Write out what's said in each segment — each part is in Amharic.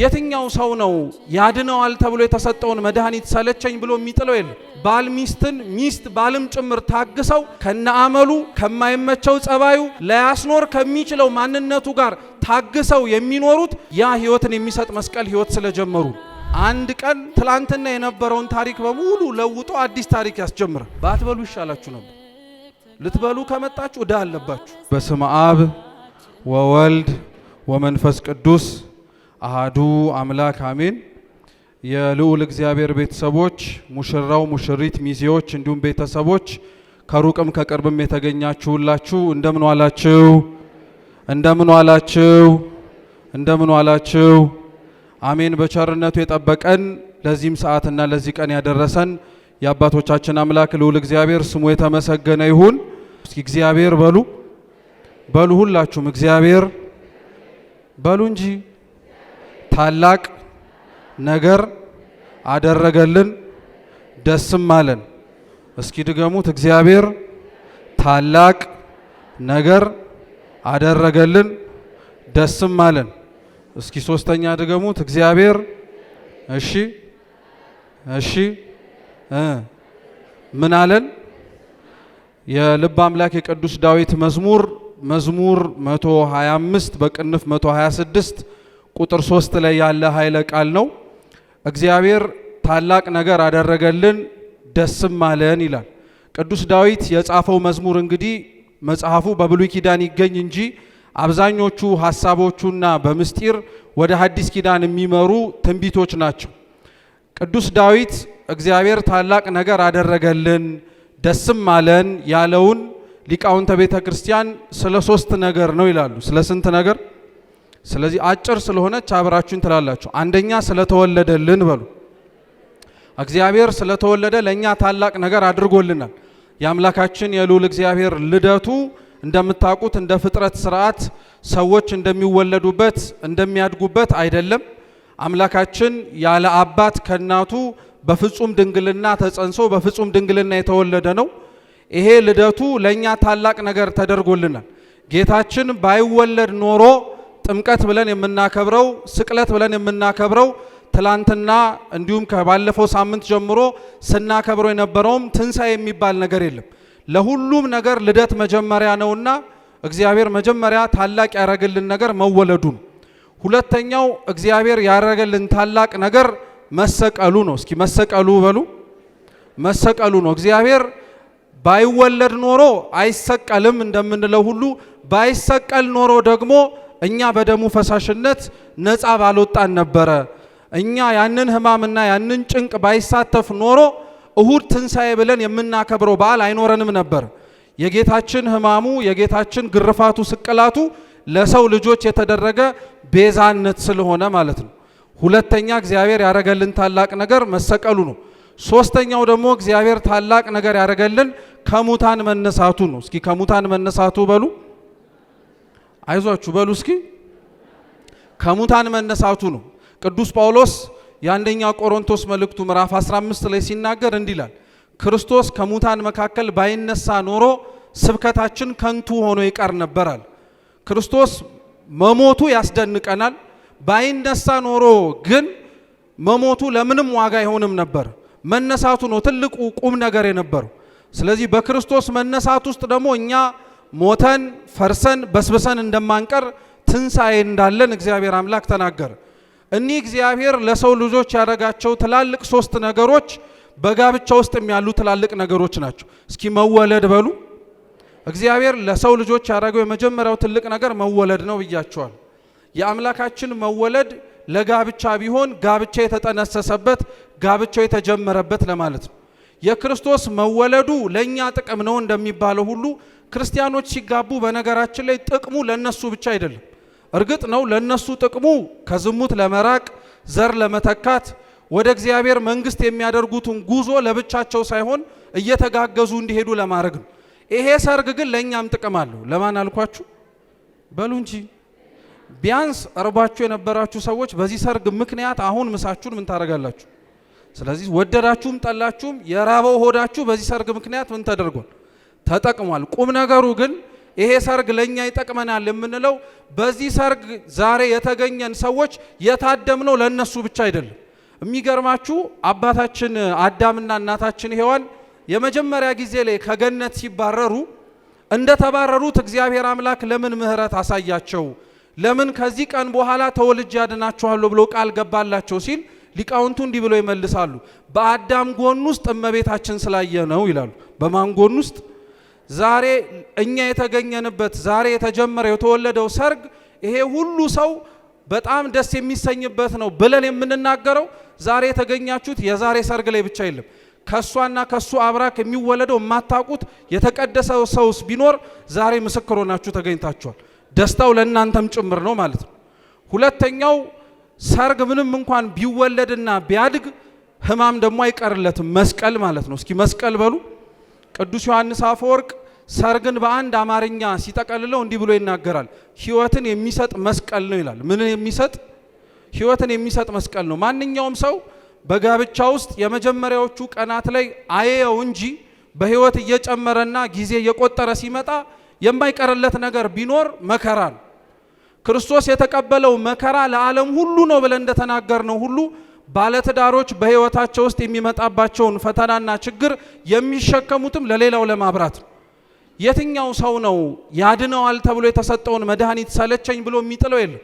የትኛው ሰው ነው ያድነዋል ተብሎ የተሰጠውን መድኃኒት ሰለቸኝ ብሎ የሚጥለው የለ። ባል ሚስትን፣ ሚስት ባልም ጭምር ታግሰው ከነአመሉ ከማይመቸው ጸባዩ ለያስኖር ከሚችለው ማንነቱ ጋር ታግሰው የሚኖሩት ያ ህይወትን የሚሰጥ መስቀል ህይወት ስለጀመሩ አንድ ቀን ትላንትና የነበረውን ታሪክ በሙሉ ለውጦ አዲስ ታሪክ ያስጀምራል። ባትበሉ ይሻላችሁ ነበር። ልትበሉ ከመጣችሁ እዳ አለባችሁ። በስመ አብ ወወልድ ወመንፈስ ቅዱስ አሃዱ አምላክ አሜን። የልዑል እግዚአብሔር ቤተሰቦች፣ ሙሽራው፣ ሙሽሪት፣ ሚዜዎች እንዲሁም ቤተሰቦች ከሩቅም ከቅርብም የተገኛችሁ ሁላችሁ እንደምን ዋላችሁ? እንደምን ዋላችሁ? እንደምን ዋላችሁ? አሜን። በቸርነቱ የጠበቀን ለዚህም ሰዓትና ለዚህ ቀን ያደረሰን የአባቶቻችን አምላክ ልዑል እግዚአብሔር ስሙ የተመሰገነ ይሁን። እስኪ እግዚአብሔር በሉ በሉ፣ ሁላችሁም እግዚአብሔር በሉ እንጂ ታላቅ ነገር አደረገልን ደስም አለን። እስኪ ድገሙት። እግዚአብሔር ታላቅ ነገር አደረገልን ደስም አለን። እስኪ ሶስተኛ ድገሙት። እግዚአብሔር እሺ፣ እሺ ምን አለን? የልብ አምላክ የቅዱስ ዳዊት መዝሙር መዝሙር 125 በቅንፍ 126 ቁጥር ሶስት ላይ ያለ ኃይለ ቃል ነው። እግዚአብሔር ታላቅ ነገር አደረገልን ደስም አለን ይላል። ቅዱስ ዳዊት የጻፈው መዝሙር እንግዲህ መጽሐፉ በብሉይ ኪዳን ይገኝ እንጂ አብዛኞቹ ሀሳቦቹና በምስጢር ወደ ሐዲስ ኪዳን የሚመሩ ትንቢቶች ናቸው። ቅዱስ ዳዊት እግዚአብሔር ታላቅ ነገር አደረገልን ደስም አለን ያለውን ሊቃውንተ ቤተ ክርስቲያን ስለ ሶስት ነገር ነው ይላሉ። ስለ ስንት ነገር? ስለዚህ አጭር ስለሆነች አብራችሁን ትላላችሁ። አንደኛ ስለተወለደልን በሉ። እግዚአብሔር ስለተወለደ ለእኛ ታላቅ ነገር አድርጎልናል። የአምላካችን የልዑል እግዚአብሔር ልደቱ እንደምታውቁት እንደ ፍጥረት ስርዓት ሰዎች እንደሚወለዱበት እንደሚያድጉበት አይደለም። አምላካችን ያለ አባት ከእናቱ በፍጹም ድንግልና ተጸንሶ በፍጹም ድንግልና የተወለደ ነው። ይሄ ልደቱ ለእኛ ታላቅ ነገር ተደርጎልናል። ጌታችን ባይወለድ ኖሮ ጥምቀት ብለን የምናከብረው ስቅለት ብለን የምናከብረው ትላንትና እንዲሁም ከባለፈው ሳምንት ጀምሮ ስናከብረው የነበረውም ትንሣኤ የሚባል ነገር የለም። ለሁሉም ነገር ልደት መጀመሪያ ነውና እግዚአብሔር መጀመሪያ ታላቅ ያረገልን ነገር መወለዱ ነው። ሁለተኛው እግዚአብሔር ያረገልን ታላቅ ነገር መሰቀሉ ነው። እስኪ መሰቀሉ በሉ፣ መሰቀሉ ነው። እግዚአብሔር ባይወለድ ኖሮ አይሰቀልም እንደምንለው ሁሉ ባይሰቀል ኖሮ ደግሞ እኛ በደሙ ፈሳሽነት ነፃ ባልወጣን ነበረ። እኛ ያንን ህማምና ያንን ጭንቅ ባይሳተፍ ኖሮ እሁድ ትንሣኤ ብለን የምናከብረው በዓል አይኖረንም ነበር። የጌታችን ህማሙ የጌታችን ግርፋቱ፣ ስቅላቱ ለሰው ልጆች የተደረገ ቤዛነት ስለሆነ ማለት ነው። ሁለተኛ እግዚአብሔር ያደረገልን ታላቅ ነገር መሰቀሉ ነው። ሶስተኛው ደግሞ እግዚአብሔር ታላቅ ነገር ያደረገልን ከሙታን መነሳቱ ነው። እስኪ ከሙታን መነሳቱ በሉ አይዟችሁ በሉ እስኪ ከሙታን መነሳቱ ነው። ቅዱስ ጳውሎስ የአንደኛ ቆሮንቶስ መልእክቱ ምዕራፍ 15 ላይ ሲናገር እንዲህ ይላል፣ ክርስቶስ ከሙታን መካከል ባይነሳ ኖሮ ስብከታችን ከንቱ ሆኖ ይቀር ነበራል። ክርስቶስ መሞቱ ያስደንቀናል። ባይነሳ ኖሮ ግን መሞቱ ለምንም ዋጋ አይሆንም ነበር። መነሳቱ ነው ትልቁ ቁም ነገር የነበረው። ስለዚህ በክርስቶስ መነሳት ውስጥ ደግሞ እኛ ሞተን ፈርሰን በስብሰን እንደማንቀር ትንሣኤ እንዳለን እግዚአብሔር አምላክ ተናገር እኒህ እግዚአብሔር ለሰው ልጆች ያደረጋቸው ትላልቅ ሶስት ነገሮች በጋብቻ ውስጥ ያሉ ትላልቅ ነገሮች ናቸው። እስኪ መወለድ በሉ። እግዚአብሔር ለሰው ልጆች ያደረገው የመጀመሪያው ትልቅ ነገር መወለድ ነው ብያቸዋል። የአምላካችን መወለድ ለጋብቻ ቢሆን ጋብቻ የተጠነሰሰበት ጋብቻው የተጀመረበት ለማለት ነው። የክርስቶስ መወለዱ ለእኛ ጥቅም ነው እንደሚባለው ሁሉ ክርስቲያኖች ሲጋቡ በነገራችን ላይ ጥቅሙ ለነሱ ብቻ አይደለም። እርግጥ ነው ለነሱ ጥቅሙ ከዝሙት ለመራቅ ዘር ለመተካት ወደ እግዚአብሔር መንግስት የሚያደርጉትን ጉዞ ለብቻቸው ሳይሆን እየተጋገዙ እንዲሄዱ ለማድረግ ነው። ይሄ ሰርግ ግን ለእኛም ጥቅም አለው። ለማን አልኳችሁ? በሉ እንጂ ቢያንስ እርባችሁ የነበራችሁ ሰዎች በዚህ ሰርግ ምክንያት አሁን ምሳችሁን ምን ታደርጋላችሁ? ስለዚህ ወደዳችሁም ጠላችሁም የራበው ሆዳችሁ በዚህ ሰርግ ምክንያት ምን ተደርጓል? ተጠቅሟል። ቁም ነገሩ ግን ይሄ ሰርግ ለእኛ ይጠቅመናል የምንለው በዚህ ሰርግ ዛሬ የተገኘን ሰዎች የታደምነው ለእነሱ ብቻ አይደለም። የሚገርማችሁ አባታችን አዳምና እናታችን ሔዋን የመጀመሪያ ጊዜ ላይ ከገነት ሲባረሩ እንደተባረሩት እግዚአብሔር አምላክ ለምን ምሕረት አሳያቸው? ለምን ከዚህ ቀን በኋላ ተወልጄ ያድናችኋለሁ ብሎ ቃል ገባላቸው ሲል ሊቃውንቱ እንዲህ ብለው ይመልሳሉ። በአዳም ጎን ውስጥ እመቤታችን ስላየ ነው ይላሉ። በማን ጎን ውስጥ ዛሬ እኛ የተገኘንበት ዛሬ የተጀመረው የተወለደው ሰርግ ይሄ ሁሉ ሰው በጣም ደስ የሚሰኝበት ነው ብለን የምንናገረው ዛሬ የተገኛችሁት የዛሬ ሰርግ ላይ ብቻ የለም። ከእሷና ከእሱ አብራክ የሚወለደው የማታውቁት የተቀደሰ ሰውስ ቢኖር ዛሬ ምስክር ሆናችሁ ተገኝታችኋል። ደስታው ለእናንተም ጭምር ነው ማለት ነው። ሁለተኛው ሰርግ ምንም እንኳን ቢወለድና ቢያድግ ህማም ደግሞ አይቀርለትም መስቀል ማለት ነው። እስኪ መስቀል በሉ ቅዱስ ዮሐንስ አፈወርቅ ሰርግን በአንድ አማርኛ ሲጠቀልለው እንዲህ ብሎ ይናገራል። ሕይወትን የሚሰጥ መስቀል ነው ይላል። ምን የሚሰጥ ሕይወትን የሚሰጥ መስቀል ነው። ማንኛውም ሰው በጋብቻ ውስጥ የመጀመሪያዎቹ ቀናት ላይ አየው እንጂ በሕይወት እየጨመረና ጊዜ እየቆጠረ ሲመጣ የማይቀርለት ነገር ቢኖር መከራ ነው። ክርስቶስ የተቀበለው መከራ ለዓለም ሁሉ ነው ብለን እንደተናገር ነው ሁሉ ባለትዳሮች በህይወታቸው ውስጥ የሚመጣባቸውን ፈተናና ችግር የሚሸከሙትም ለሌላው ለማብራት ነው። የትኛው ሰው ነው ያድነዋል ተብሎ የተሰጠውን መድኃኒት ሰለቸኝ ብሎ የሚጥለው የለም።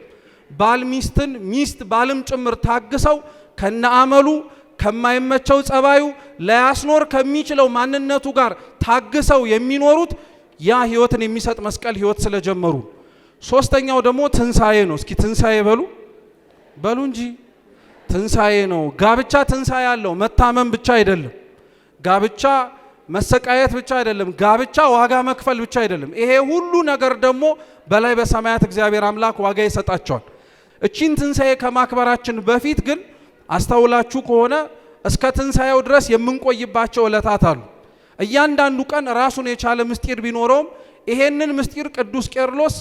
ባል ሚስትን፣ ሚስት ባልም ጭምር ታግሰው ከነአመሉ ከማይመቸው ጸባዩ ለያስኖር ከሚችለው ማንነቱ ጋር ታግሰው የሚኖሩት ያ ህይወትን የሚሰጥ መስቀል ህይወት ስለጀመሩ። ሶስተኛው ደግሞ ትንሣኤ ነው። እስኪ ትንሣኤ በሉ በሉ እንጂ ትንሣኤ ነው። ጋብቻ ትንሣኤ አለው። መታመም ብቻ አይደለም። ጋብቻ መሰቃየት ብቻ አይደለም። ጋብቻ ዋጋ መክፈል ብቻ አይደለም። ይሄ ሁሉ ነገር ደግሞ በላይ በሰማያት እግዚአብሔር አምላክ ዋጋ ይሰጣቸዋል። እቺን ትንሣኤ ከማክበራችን በፊት ግን አስተውላችሁ ከሆነ እስከ ትንሣኤው ድረስ የምንቆይባቸው ዕለታት አሉ። እያንዳንዱ ቀን ራሱን የቻለ ምስጢር ቢኖረውም ይሄንን ምስጢር ቅዱስ ቄርሎስ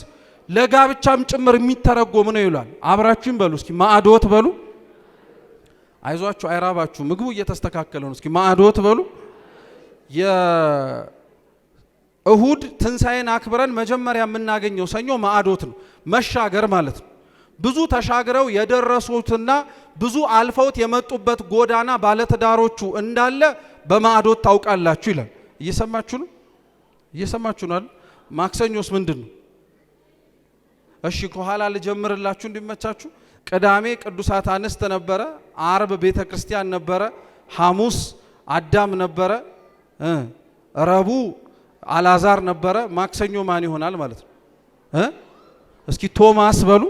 ለጋብቻም ጭምር የሚተረጎም ነው ይሏል። አብራችሁም በሉ እስኪ ማዕዶት በሉ አይዟችሁ አይራባችሁ፣ ምግቡ እየተስተካከለ ነው። እስኪ ማዕዶት በሉ። የእሁድ ትንሣኤን አክብረን መጀመሪያ የምናገኘው ሰኞ ማዕዶት ነው፣ መሻገር ማለት ነው። ብዙ ተሻግረው የደረሱትና ብዙ አልፈውት የመጡበት ጎዳና ባለትዳሮቹ እንዳለ በማዕዶት ታውቃላችሁ ይላል። እየሰማችሁ ነው፣ እየሰማችሁ ነው። ማክሰኞስ ምንድን ነው? እሺ ከኋላ ልጀምርላችሁ እንዲመቻችሁ። ቅዳሜ ቅዱሳት አንስት ነበረ። አርብ ቤተ ክርስቲያን ነበረ፣ ሐሙስ አዳም ነበረ፣ ረቡ አላዛር ነበረ፣ ማክሰኞ ማን ይሆናል ማለት ነው? እስኪ ቶማስ በሉ።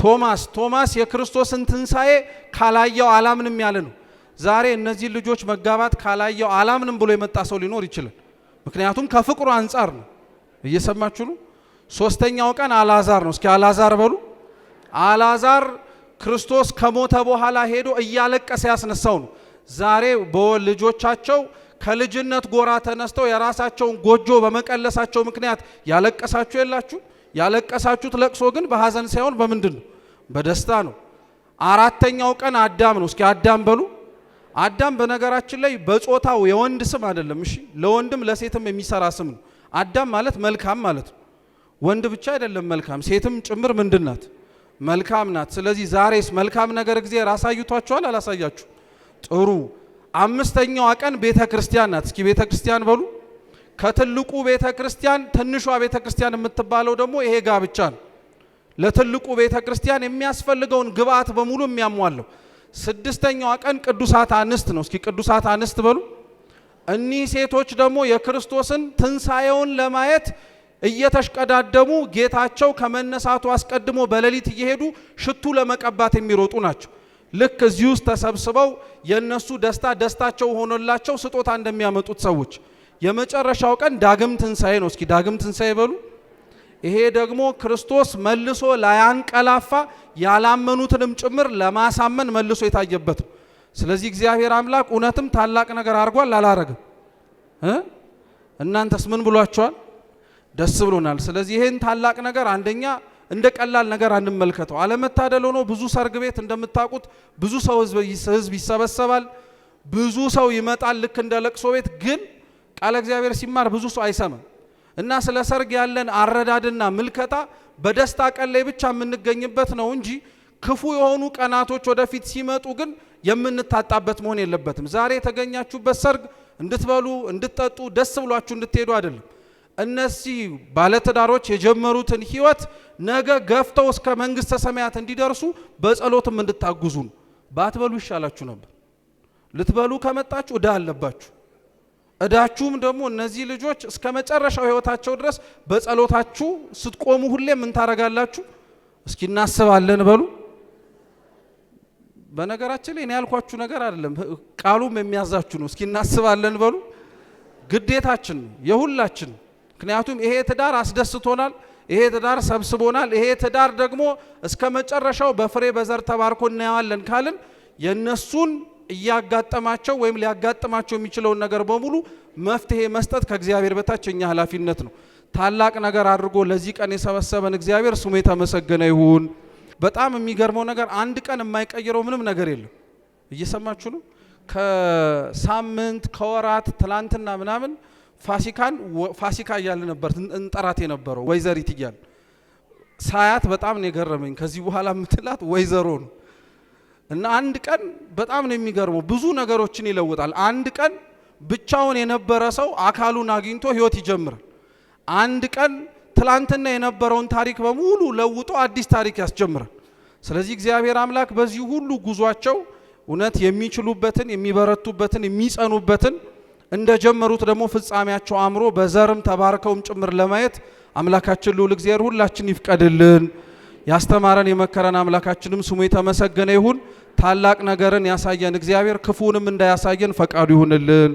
ቶማስ ቶማስ የክርስቶስን ትንሣኤ ካላየው አላምንም ያለ ነው። ዛሬ እነዚህ ልጆች መጋባት ካላየው አላምንም ብሎ የመጣ ሰው ሊኖር ይችላል። ምክንያቱም ከፍቅሩ አንጻር ነው። እየሰማችሁ ነው። ሶስተኛው ቀን አላዛር ነው። እስኪ አላዛር በሉ። አላዛር ክርስቶስ ከሞተ በኋላ ሄዶ እያለቀሰ ያስነሳው ነው። ዛሬ በልጆቻቸው ከልጅነት ጎራ ተነስተው የራሳቸውን ጎጆ በመቀለሳቸው ምክንያት ያለቀሳችሁ የላችሁ? ያለቀሳችሁት ለቅሶ ግን በሐዘን ሳይሆን በምንድን ነው? በደስታ ነው። አራተኛው ቀን አዳም ነው። እስኪ አዳም በሉ። አዳም በነገራችን ላይ በጾታው የወንድ ስም አይደለም። እሺ ለወንድም ለሴትም የሚሰራ ስም ነው። አዳም ማለት መልካም ማለት ነው። ወንድ ብቻ አይደለም መልካም፣ ሴትም ጭምር ምንድን ናት? መልካም ናት። ስለዚህ ዛሬስ መልካም ነገር እግዚአብሔር አሳይቷችኋል አላሳያችሁ? ጥሩ። አምስተኛዋ ቀን ቤተ ክርስቲያን ናት። እስኪ ቤተ ክርስቲያን በሉ። ከትልቁ ቤተ ክርስቲያን ትንሿ ቤተ ክርስቲያን የምትባለው ደግሞ ይሄ ጋብቻ ነው። ለትልቁ ቤተ ክርስቲያን የሚያስፈልገውን ግብአት በሙሉ የሚያሟለው። ስድስተኛዋ ቀን ቅዱሳት አንስት ነው። እስኪ ቅዱሳት አንስት በሉ። እኒህ ሴቶች ደግሞ የክርስቶስን ትንሣኤውን ለማየት እየተሽቀዳደሙ ጌታቸው ከመነሳቱ አስቀድሞ በሌሊት እየሄዱ ሽቱ ለመቀባት የሚሮጡ ናቸው። ልክ እዚህ ውስጥ ተሰብስበው የእነሱ ደስታ ደስታቸው ሆኖላቸው ስጦታ እንደሚያመጡት ሰዎች የመጨረሻው ቀን ዳግም ትንሣኤ ነው። እስኪ ዳግም ትንሣኤ በሉ። ይሄ ደግሞ ክርስቶስ መልሶ ላያንቀላፋ ያላመኑትንም ጭምር ለማሳመን መልሶ የታየበት ነው። ስለዚህ እግዚአብሔር አምላክ እውነትም ታላቅ ነገር አድርጓል። አላረግም። እናንተስ ምን ብሏቸዋል? ደስ ብሎናል። ስለዚህ ይህን ታላቅ ነገር አንደኛ እንደ ቀላል ነገር አንመልከተው። አለመታደል ሆኖ ብዙ ሰርግ ቤት እንደምታውቁት ብዙ ሰው ህዝብ ይሰበሰባል፣ ብዙ ሰው ይመጣል፣ ልክ እንደ ለቅሶ ቤት። ግን ቃለ እግዚአብሔር ሲማር ብዙ ሰው አይሰማም እና ስለ ሰርግ ያለን አረዳድና ምልከታ በደስታ ቀን ላይ ብቻ የምንገኝበት ነው እንጂ ክፉ የሆኑ ቀናቶች ወደፊት ሲመጡ ግን የምንታጣበት መሆን የለበትም። ዛሬ የተገኛችሁበት ሰርግ እንድትበሉ እንድትጠጡ፣ ደስ ብሏችሁ እንድትሄዱ አይደለም። እነዚህ ባለትዳሮች የጀመሩትን ህይወት ነገ ገፍተው እስከ መንግስተ ሰማያት እንዲደርሱ በጸሎትም እንድታግዙን። ባትበሉ ይሻላችሁ ነበር። ልትበሉ ከመጣችሁ እዳ አለባችሁ። እዳችሁም ደግሞ እነዚህ ልጆች እስከ መጨረሻው ህይወታቸው ድረስ በጸሎታችሁ ስትቆሙ ሁሌ ምን ታረጋላችሁ? እስኪ እናስባለን በሉ። በነገራችን ላይ እኔ ያልኳችሁ ነገር አይደለም፣ ቃሉም የሚያዛችሁ ነው። እስኪ እናስባለን በሉ። ግዴታችን ነው የሁላችን ምክንያቱም ይሄ ትዳር አስደስቶናል፣ ይሄ ትዳር ሰብስቦናል፣ ይሄ ትዳር ደግሞ እስከ መጨረሻው በፍሬ በዘር ተባርኮ እናየዋለን ካልን የነሱን እያጋጠማቸው ወይም ሊያጋጥማቸው የሚችለውን ነገር በሙሉ መፍትሄ መስጠት ከእግዚአብሔር በታች የኛ ኃላፊነት ነው። ታላቅ ነገር አድርጎ ለዚህ ቀን የሰበሰበን እግዚአብሔር ስሙ የተመሰገነ ይሁን። በጣም የሚገርመው ነገር አንድ ቀን የማይቀይረው ምንም ነገር የለም። እየሰማችሁ ነው። ከሳምንት ከወራት ትላንትና ምናምን ፋሲካን ፋሲካ እያለ ነበር እንጠራት የነበረው ወይዘሪት እያል ሳያት በጣም ነው የገረመኝ። ከዚህ በኋላ የምትላት ወይዘሮ ነው። እና አንድ ቀን በጣም ነው የሚገርመው፣ ብዙ ነገሮችን ይለውጣል። አንድ ቀን ብቻውን የነበረ ሰው አካሉን አግኝቶ ህይወት ይጀምራል። አንድ ቀን ትላንትና የነበረውን ታሪክ በሙሉ ለውጦ አዲስ ታሪክ ያስጀምራል። ስለዚህ እግዚአብሔር አምላክ በዚህ ሁሉ ጉዟቸው እውነት የሚችሉበትን የሚበረቱበትን የሚጸኑበትን እንደ ጀመሩት ደግሞ ፍጻሜያቸው አምሮ በዘርም ተባርከውም ጭምር ለማየት አምላካችን ልዑል እግዚአብሔር ሁላችን ይፍቀድልን። ያስተማረን የመከረን አምላካችንም ስሙ የተመሰገነ ይሁን። ታላቅ ነገርን ያሳየን እግዚአብሔር ክፉንም እንዳያሳየን ፈቃዱ ይሁንልን።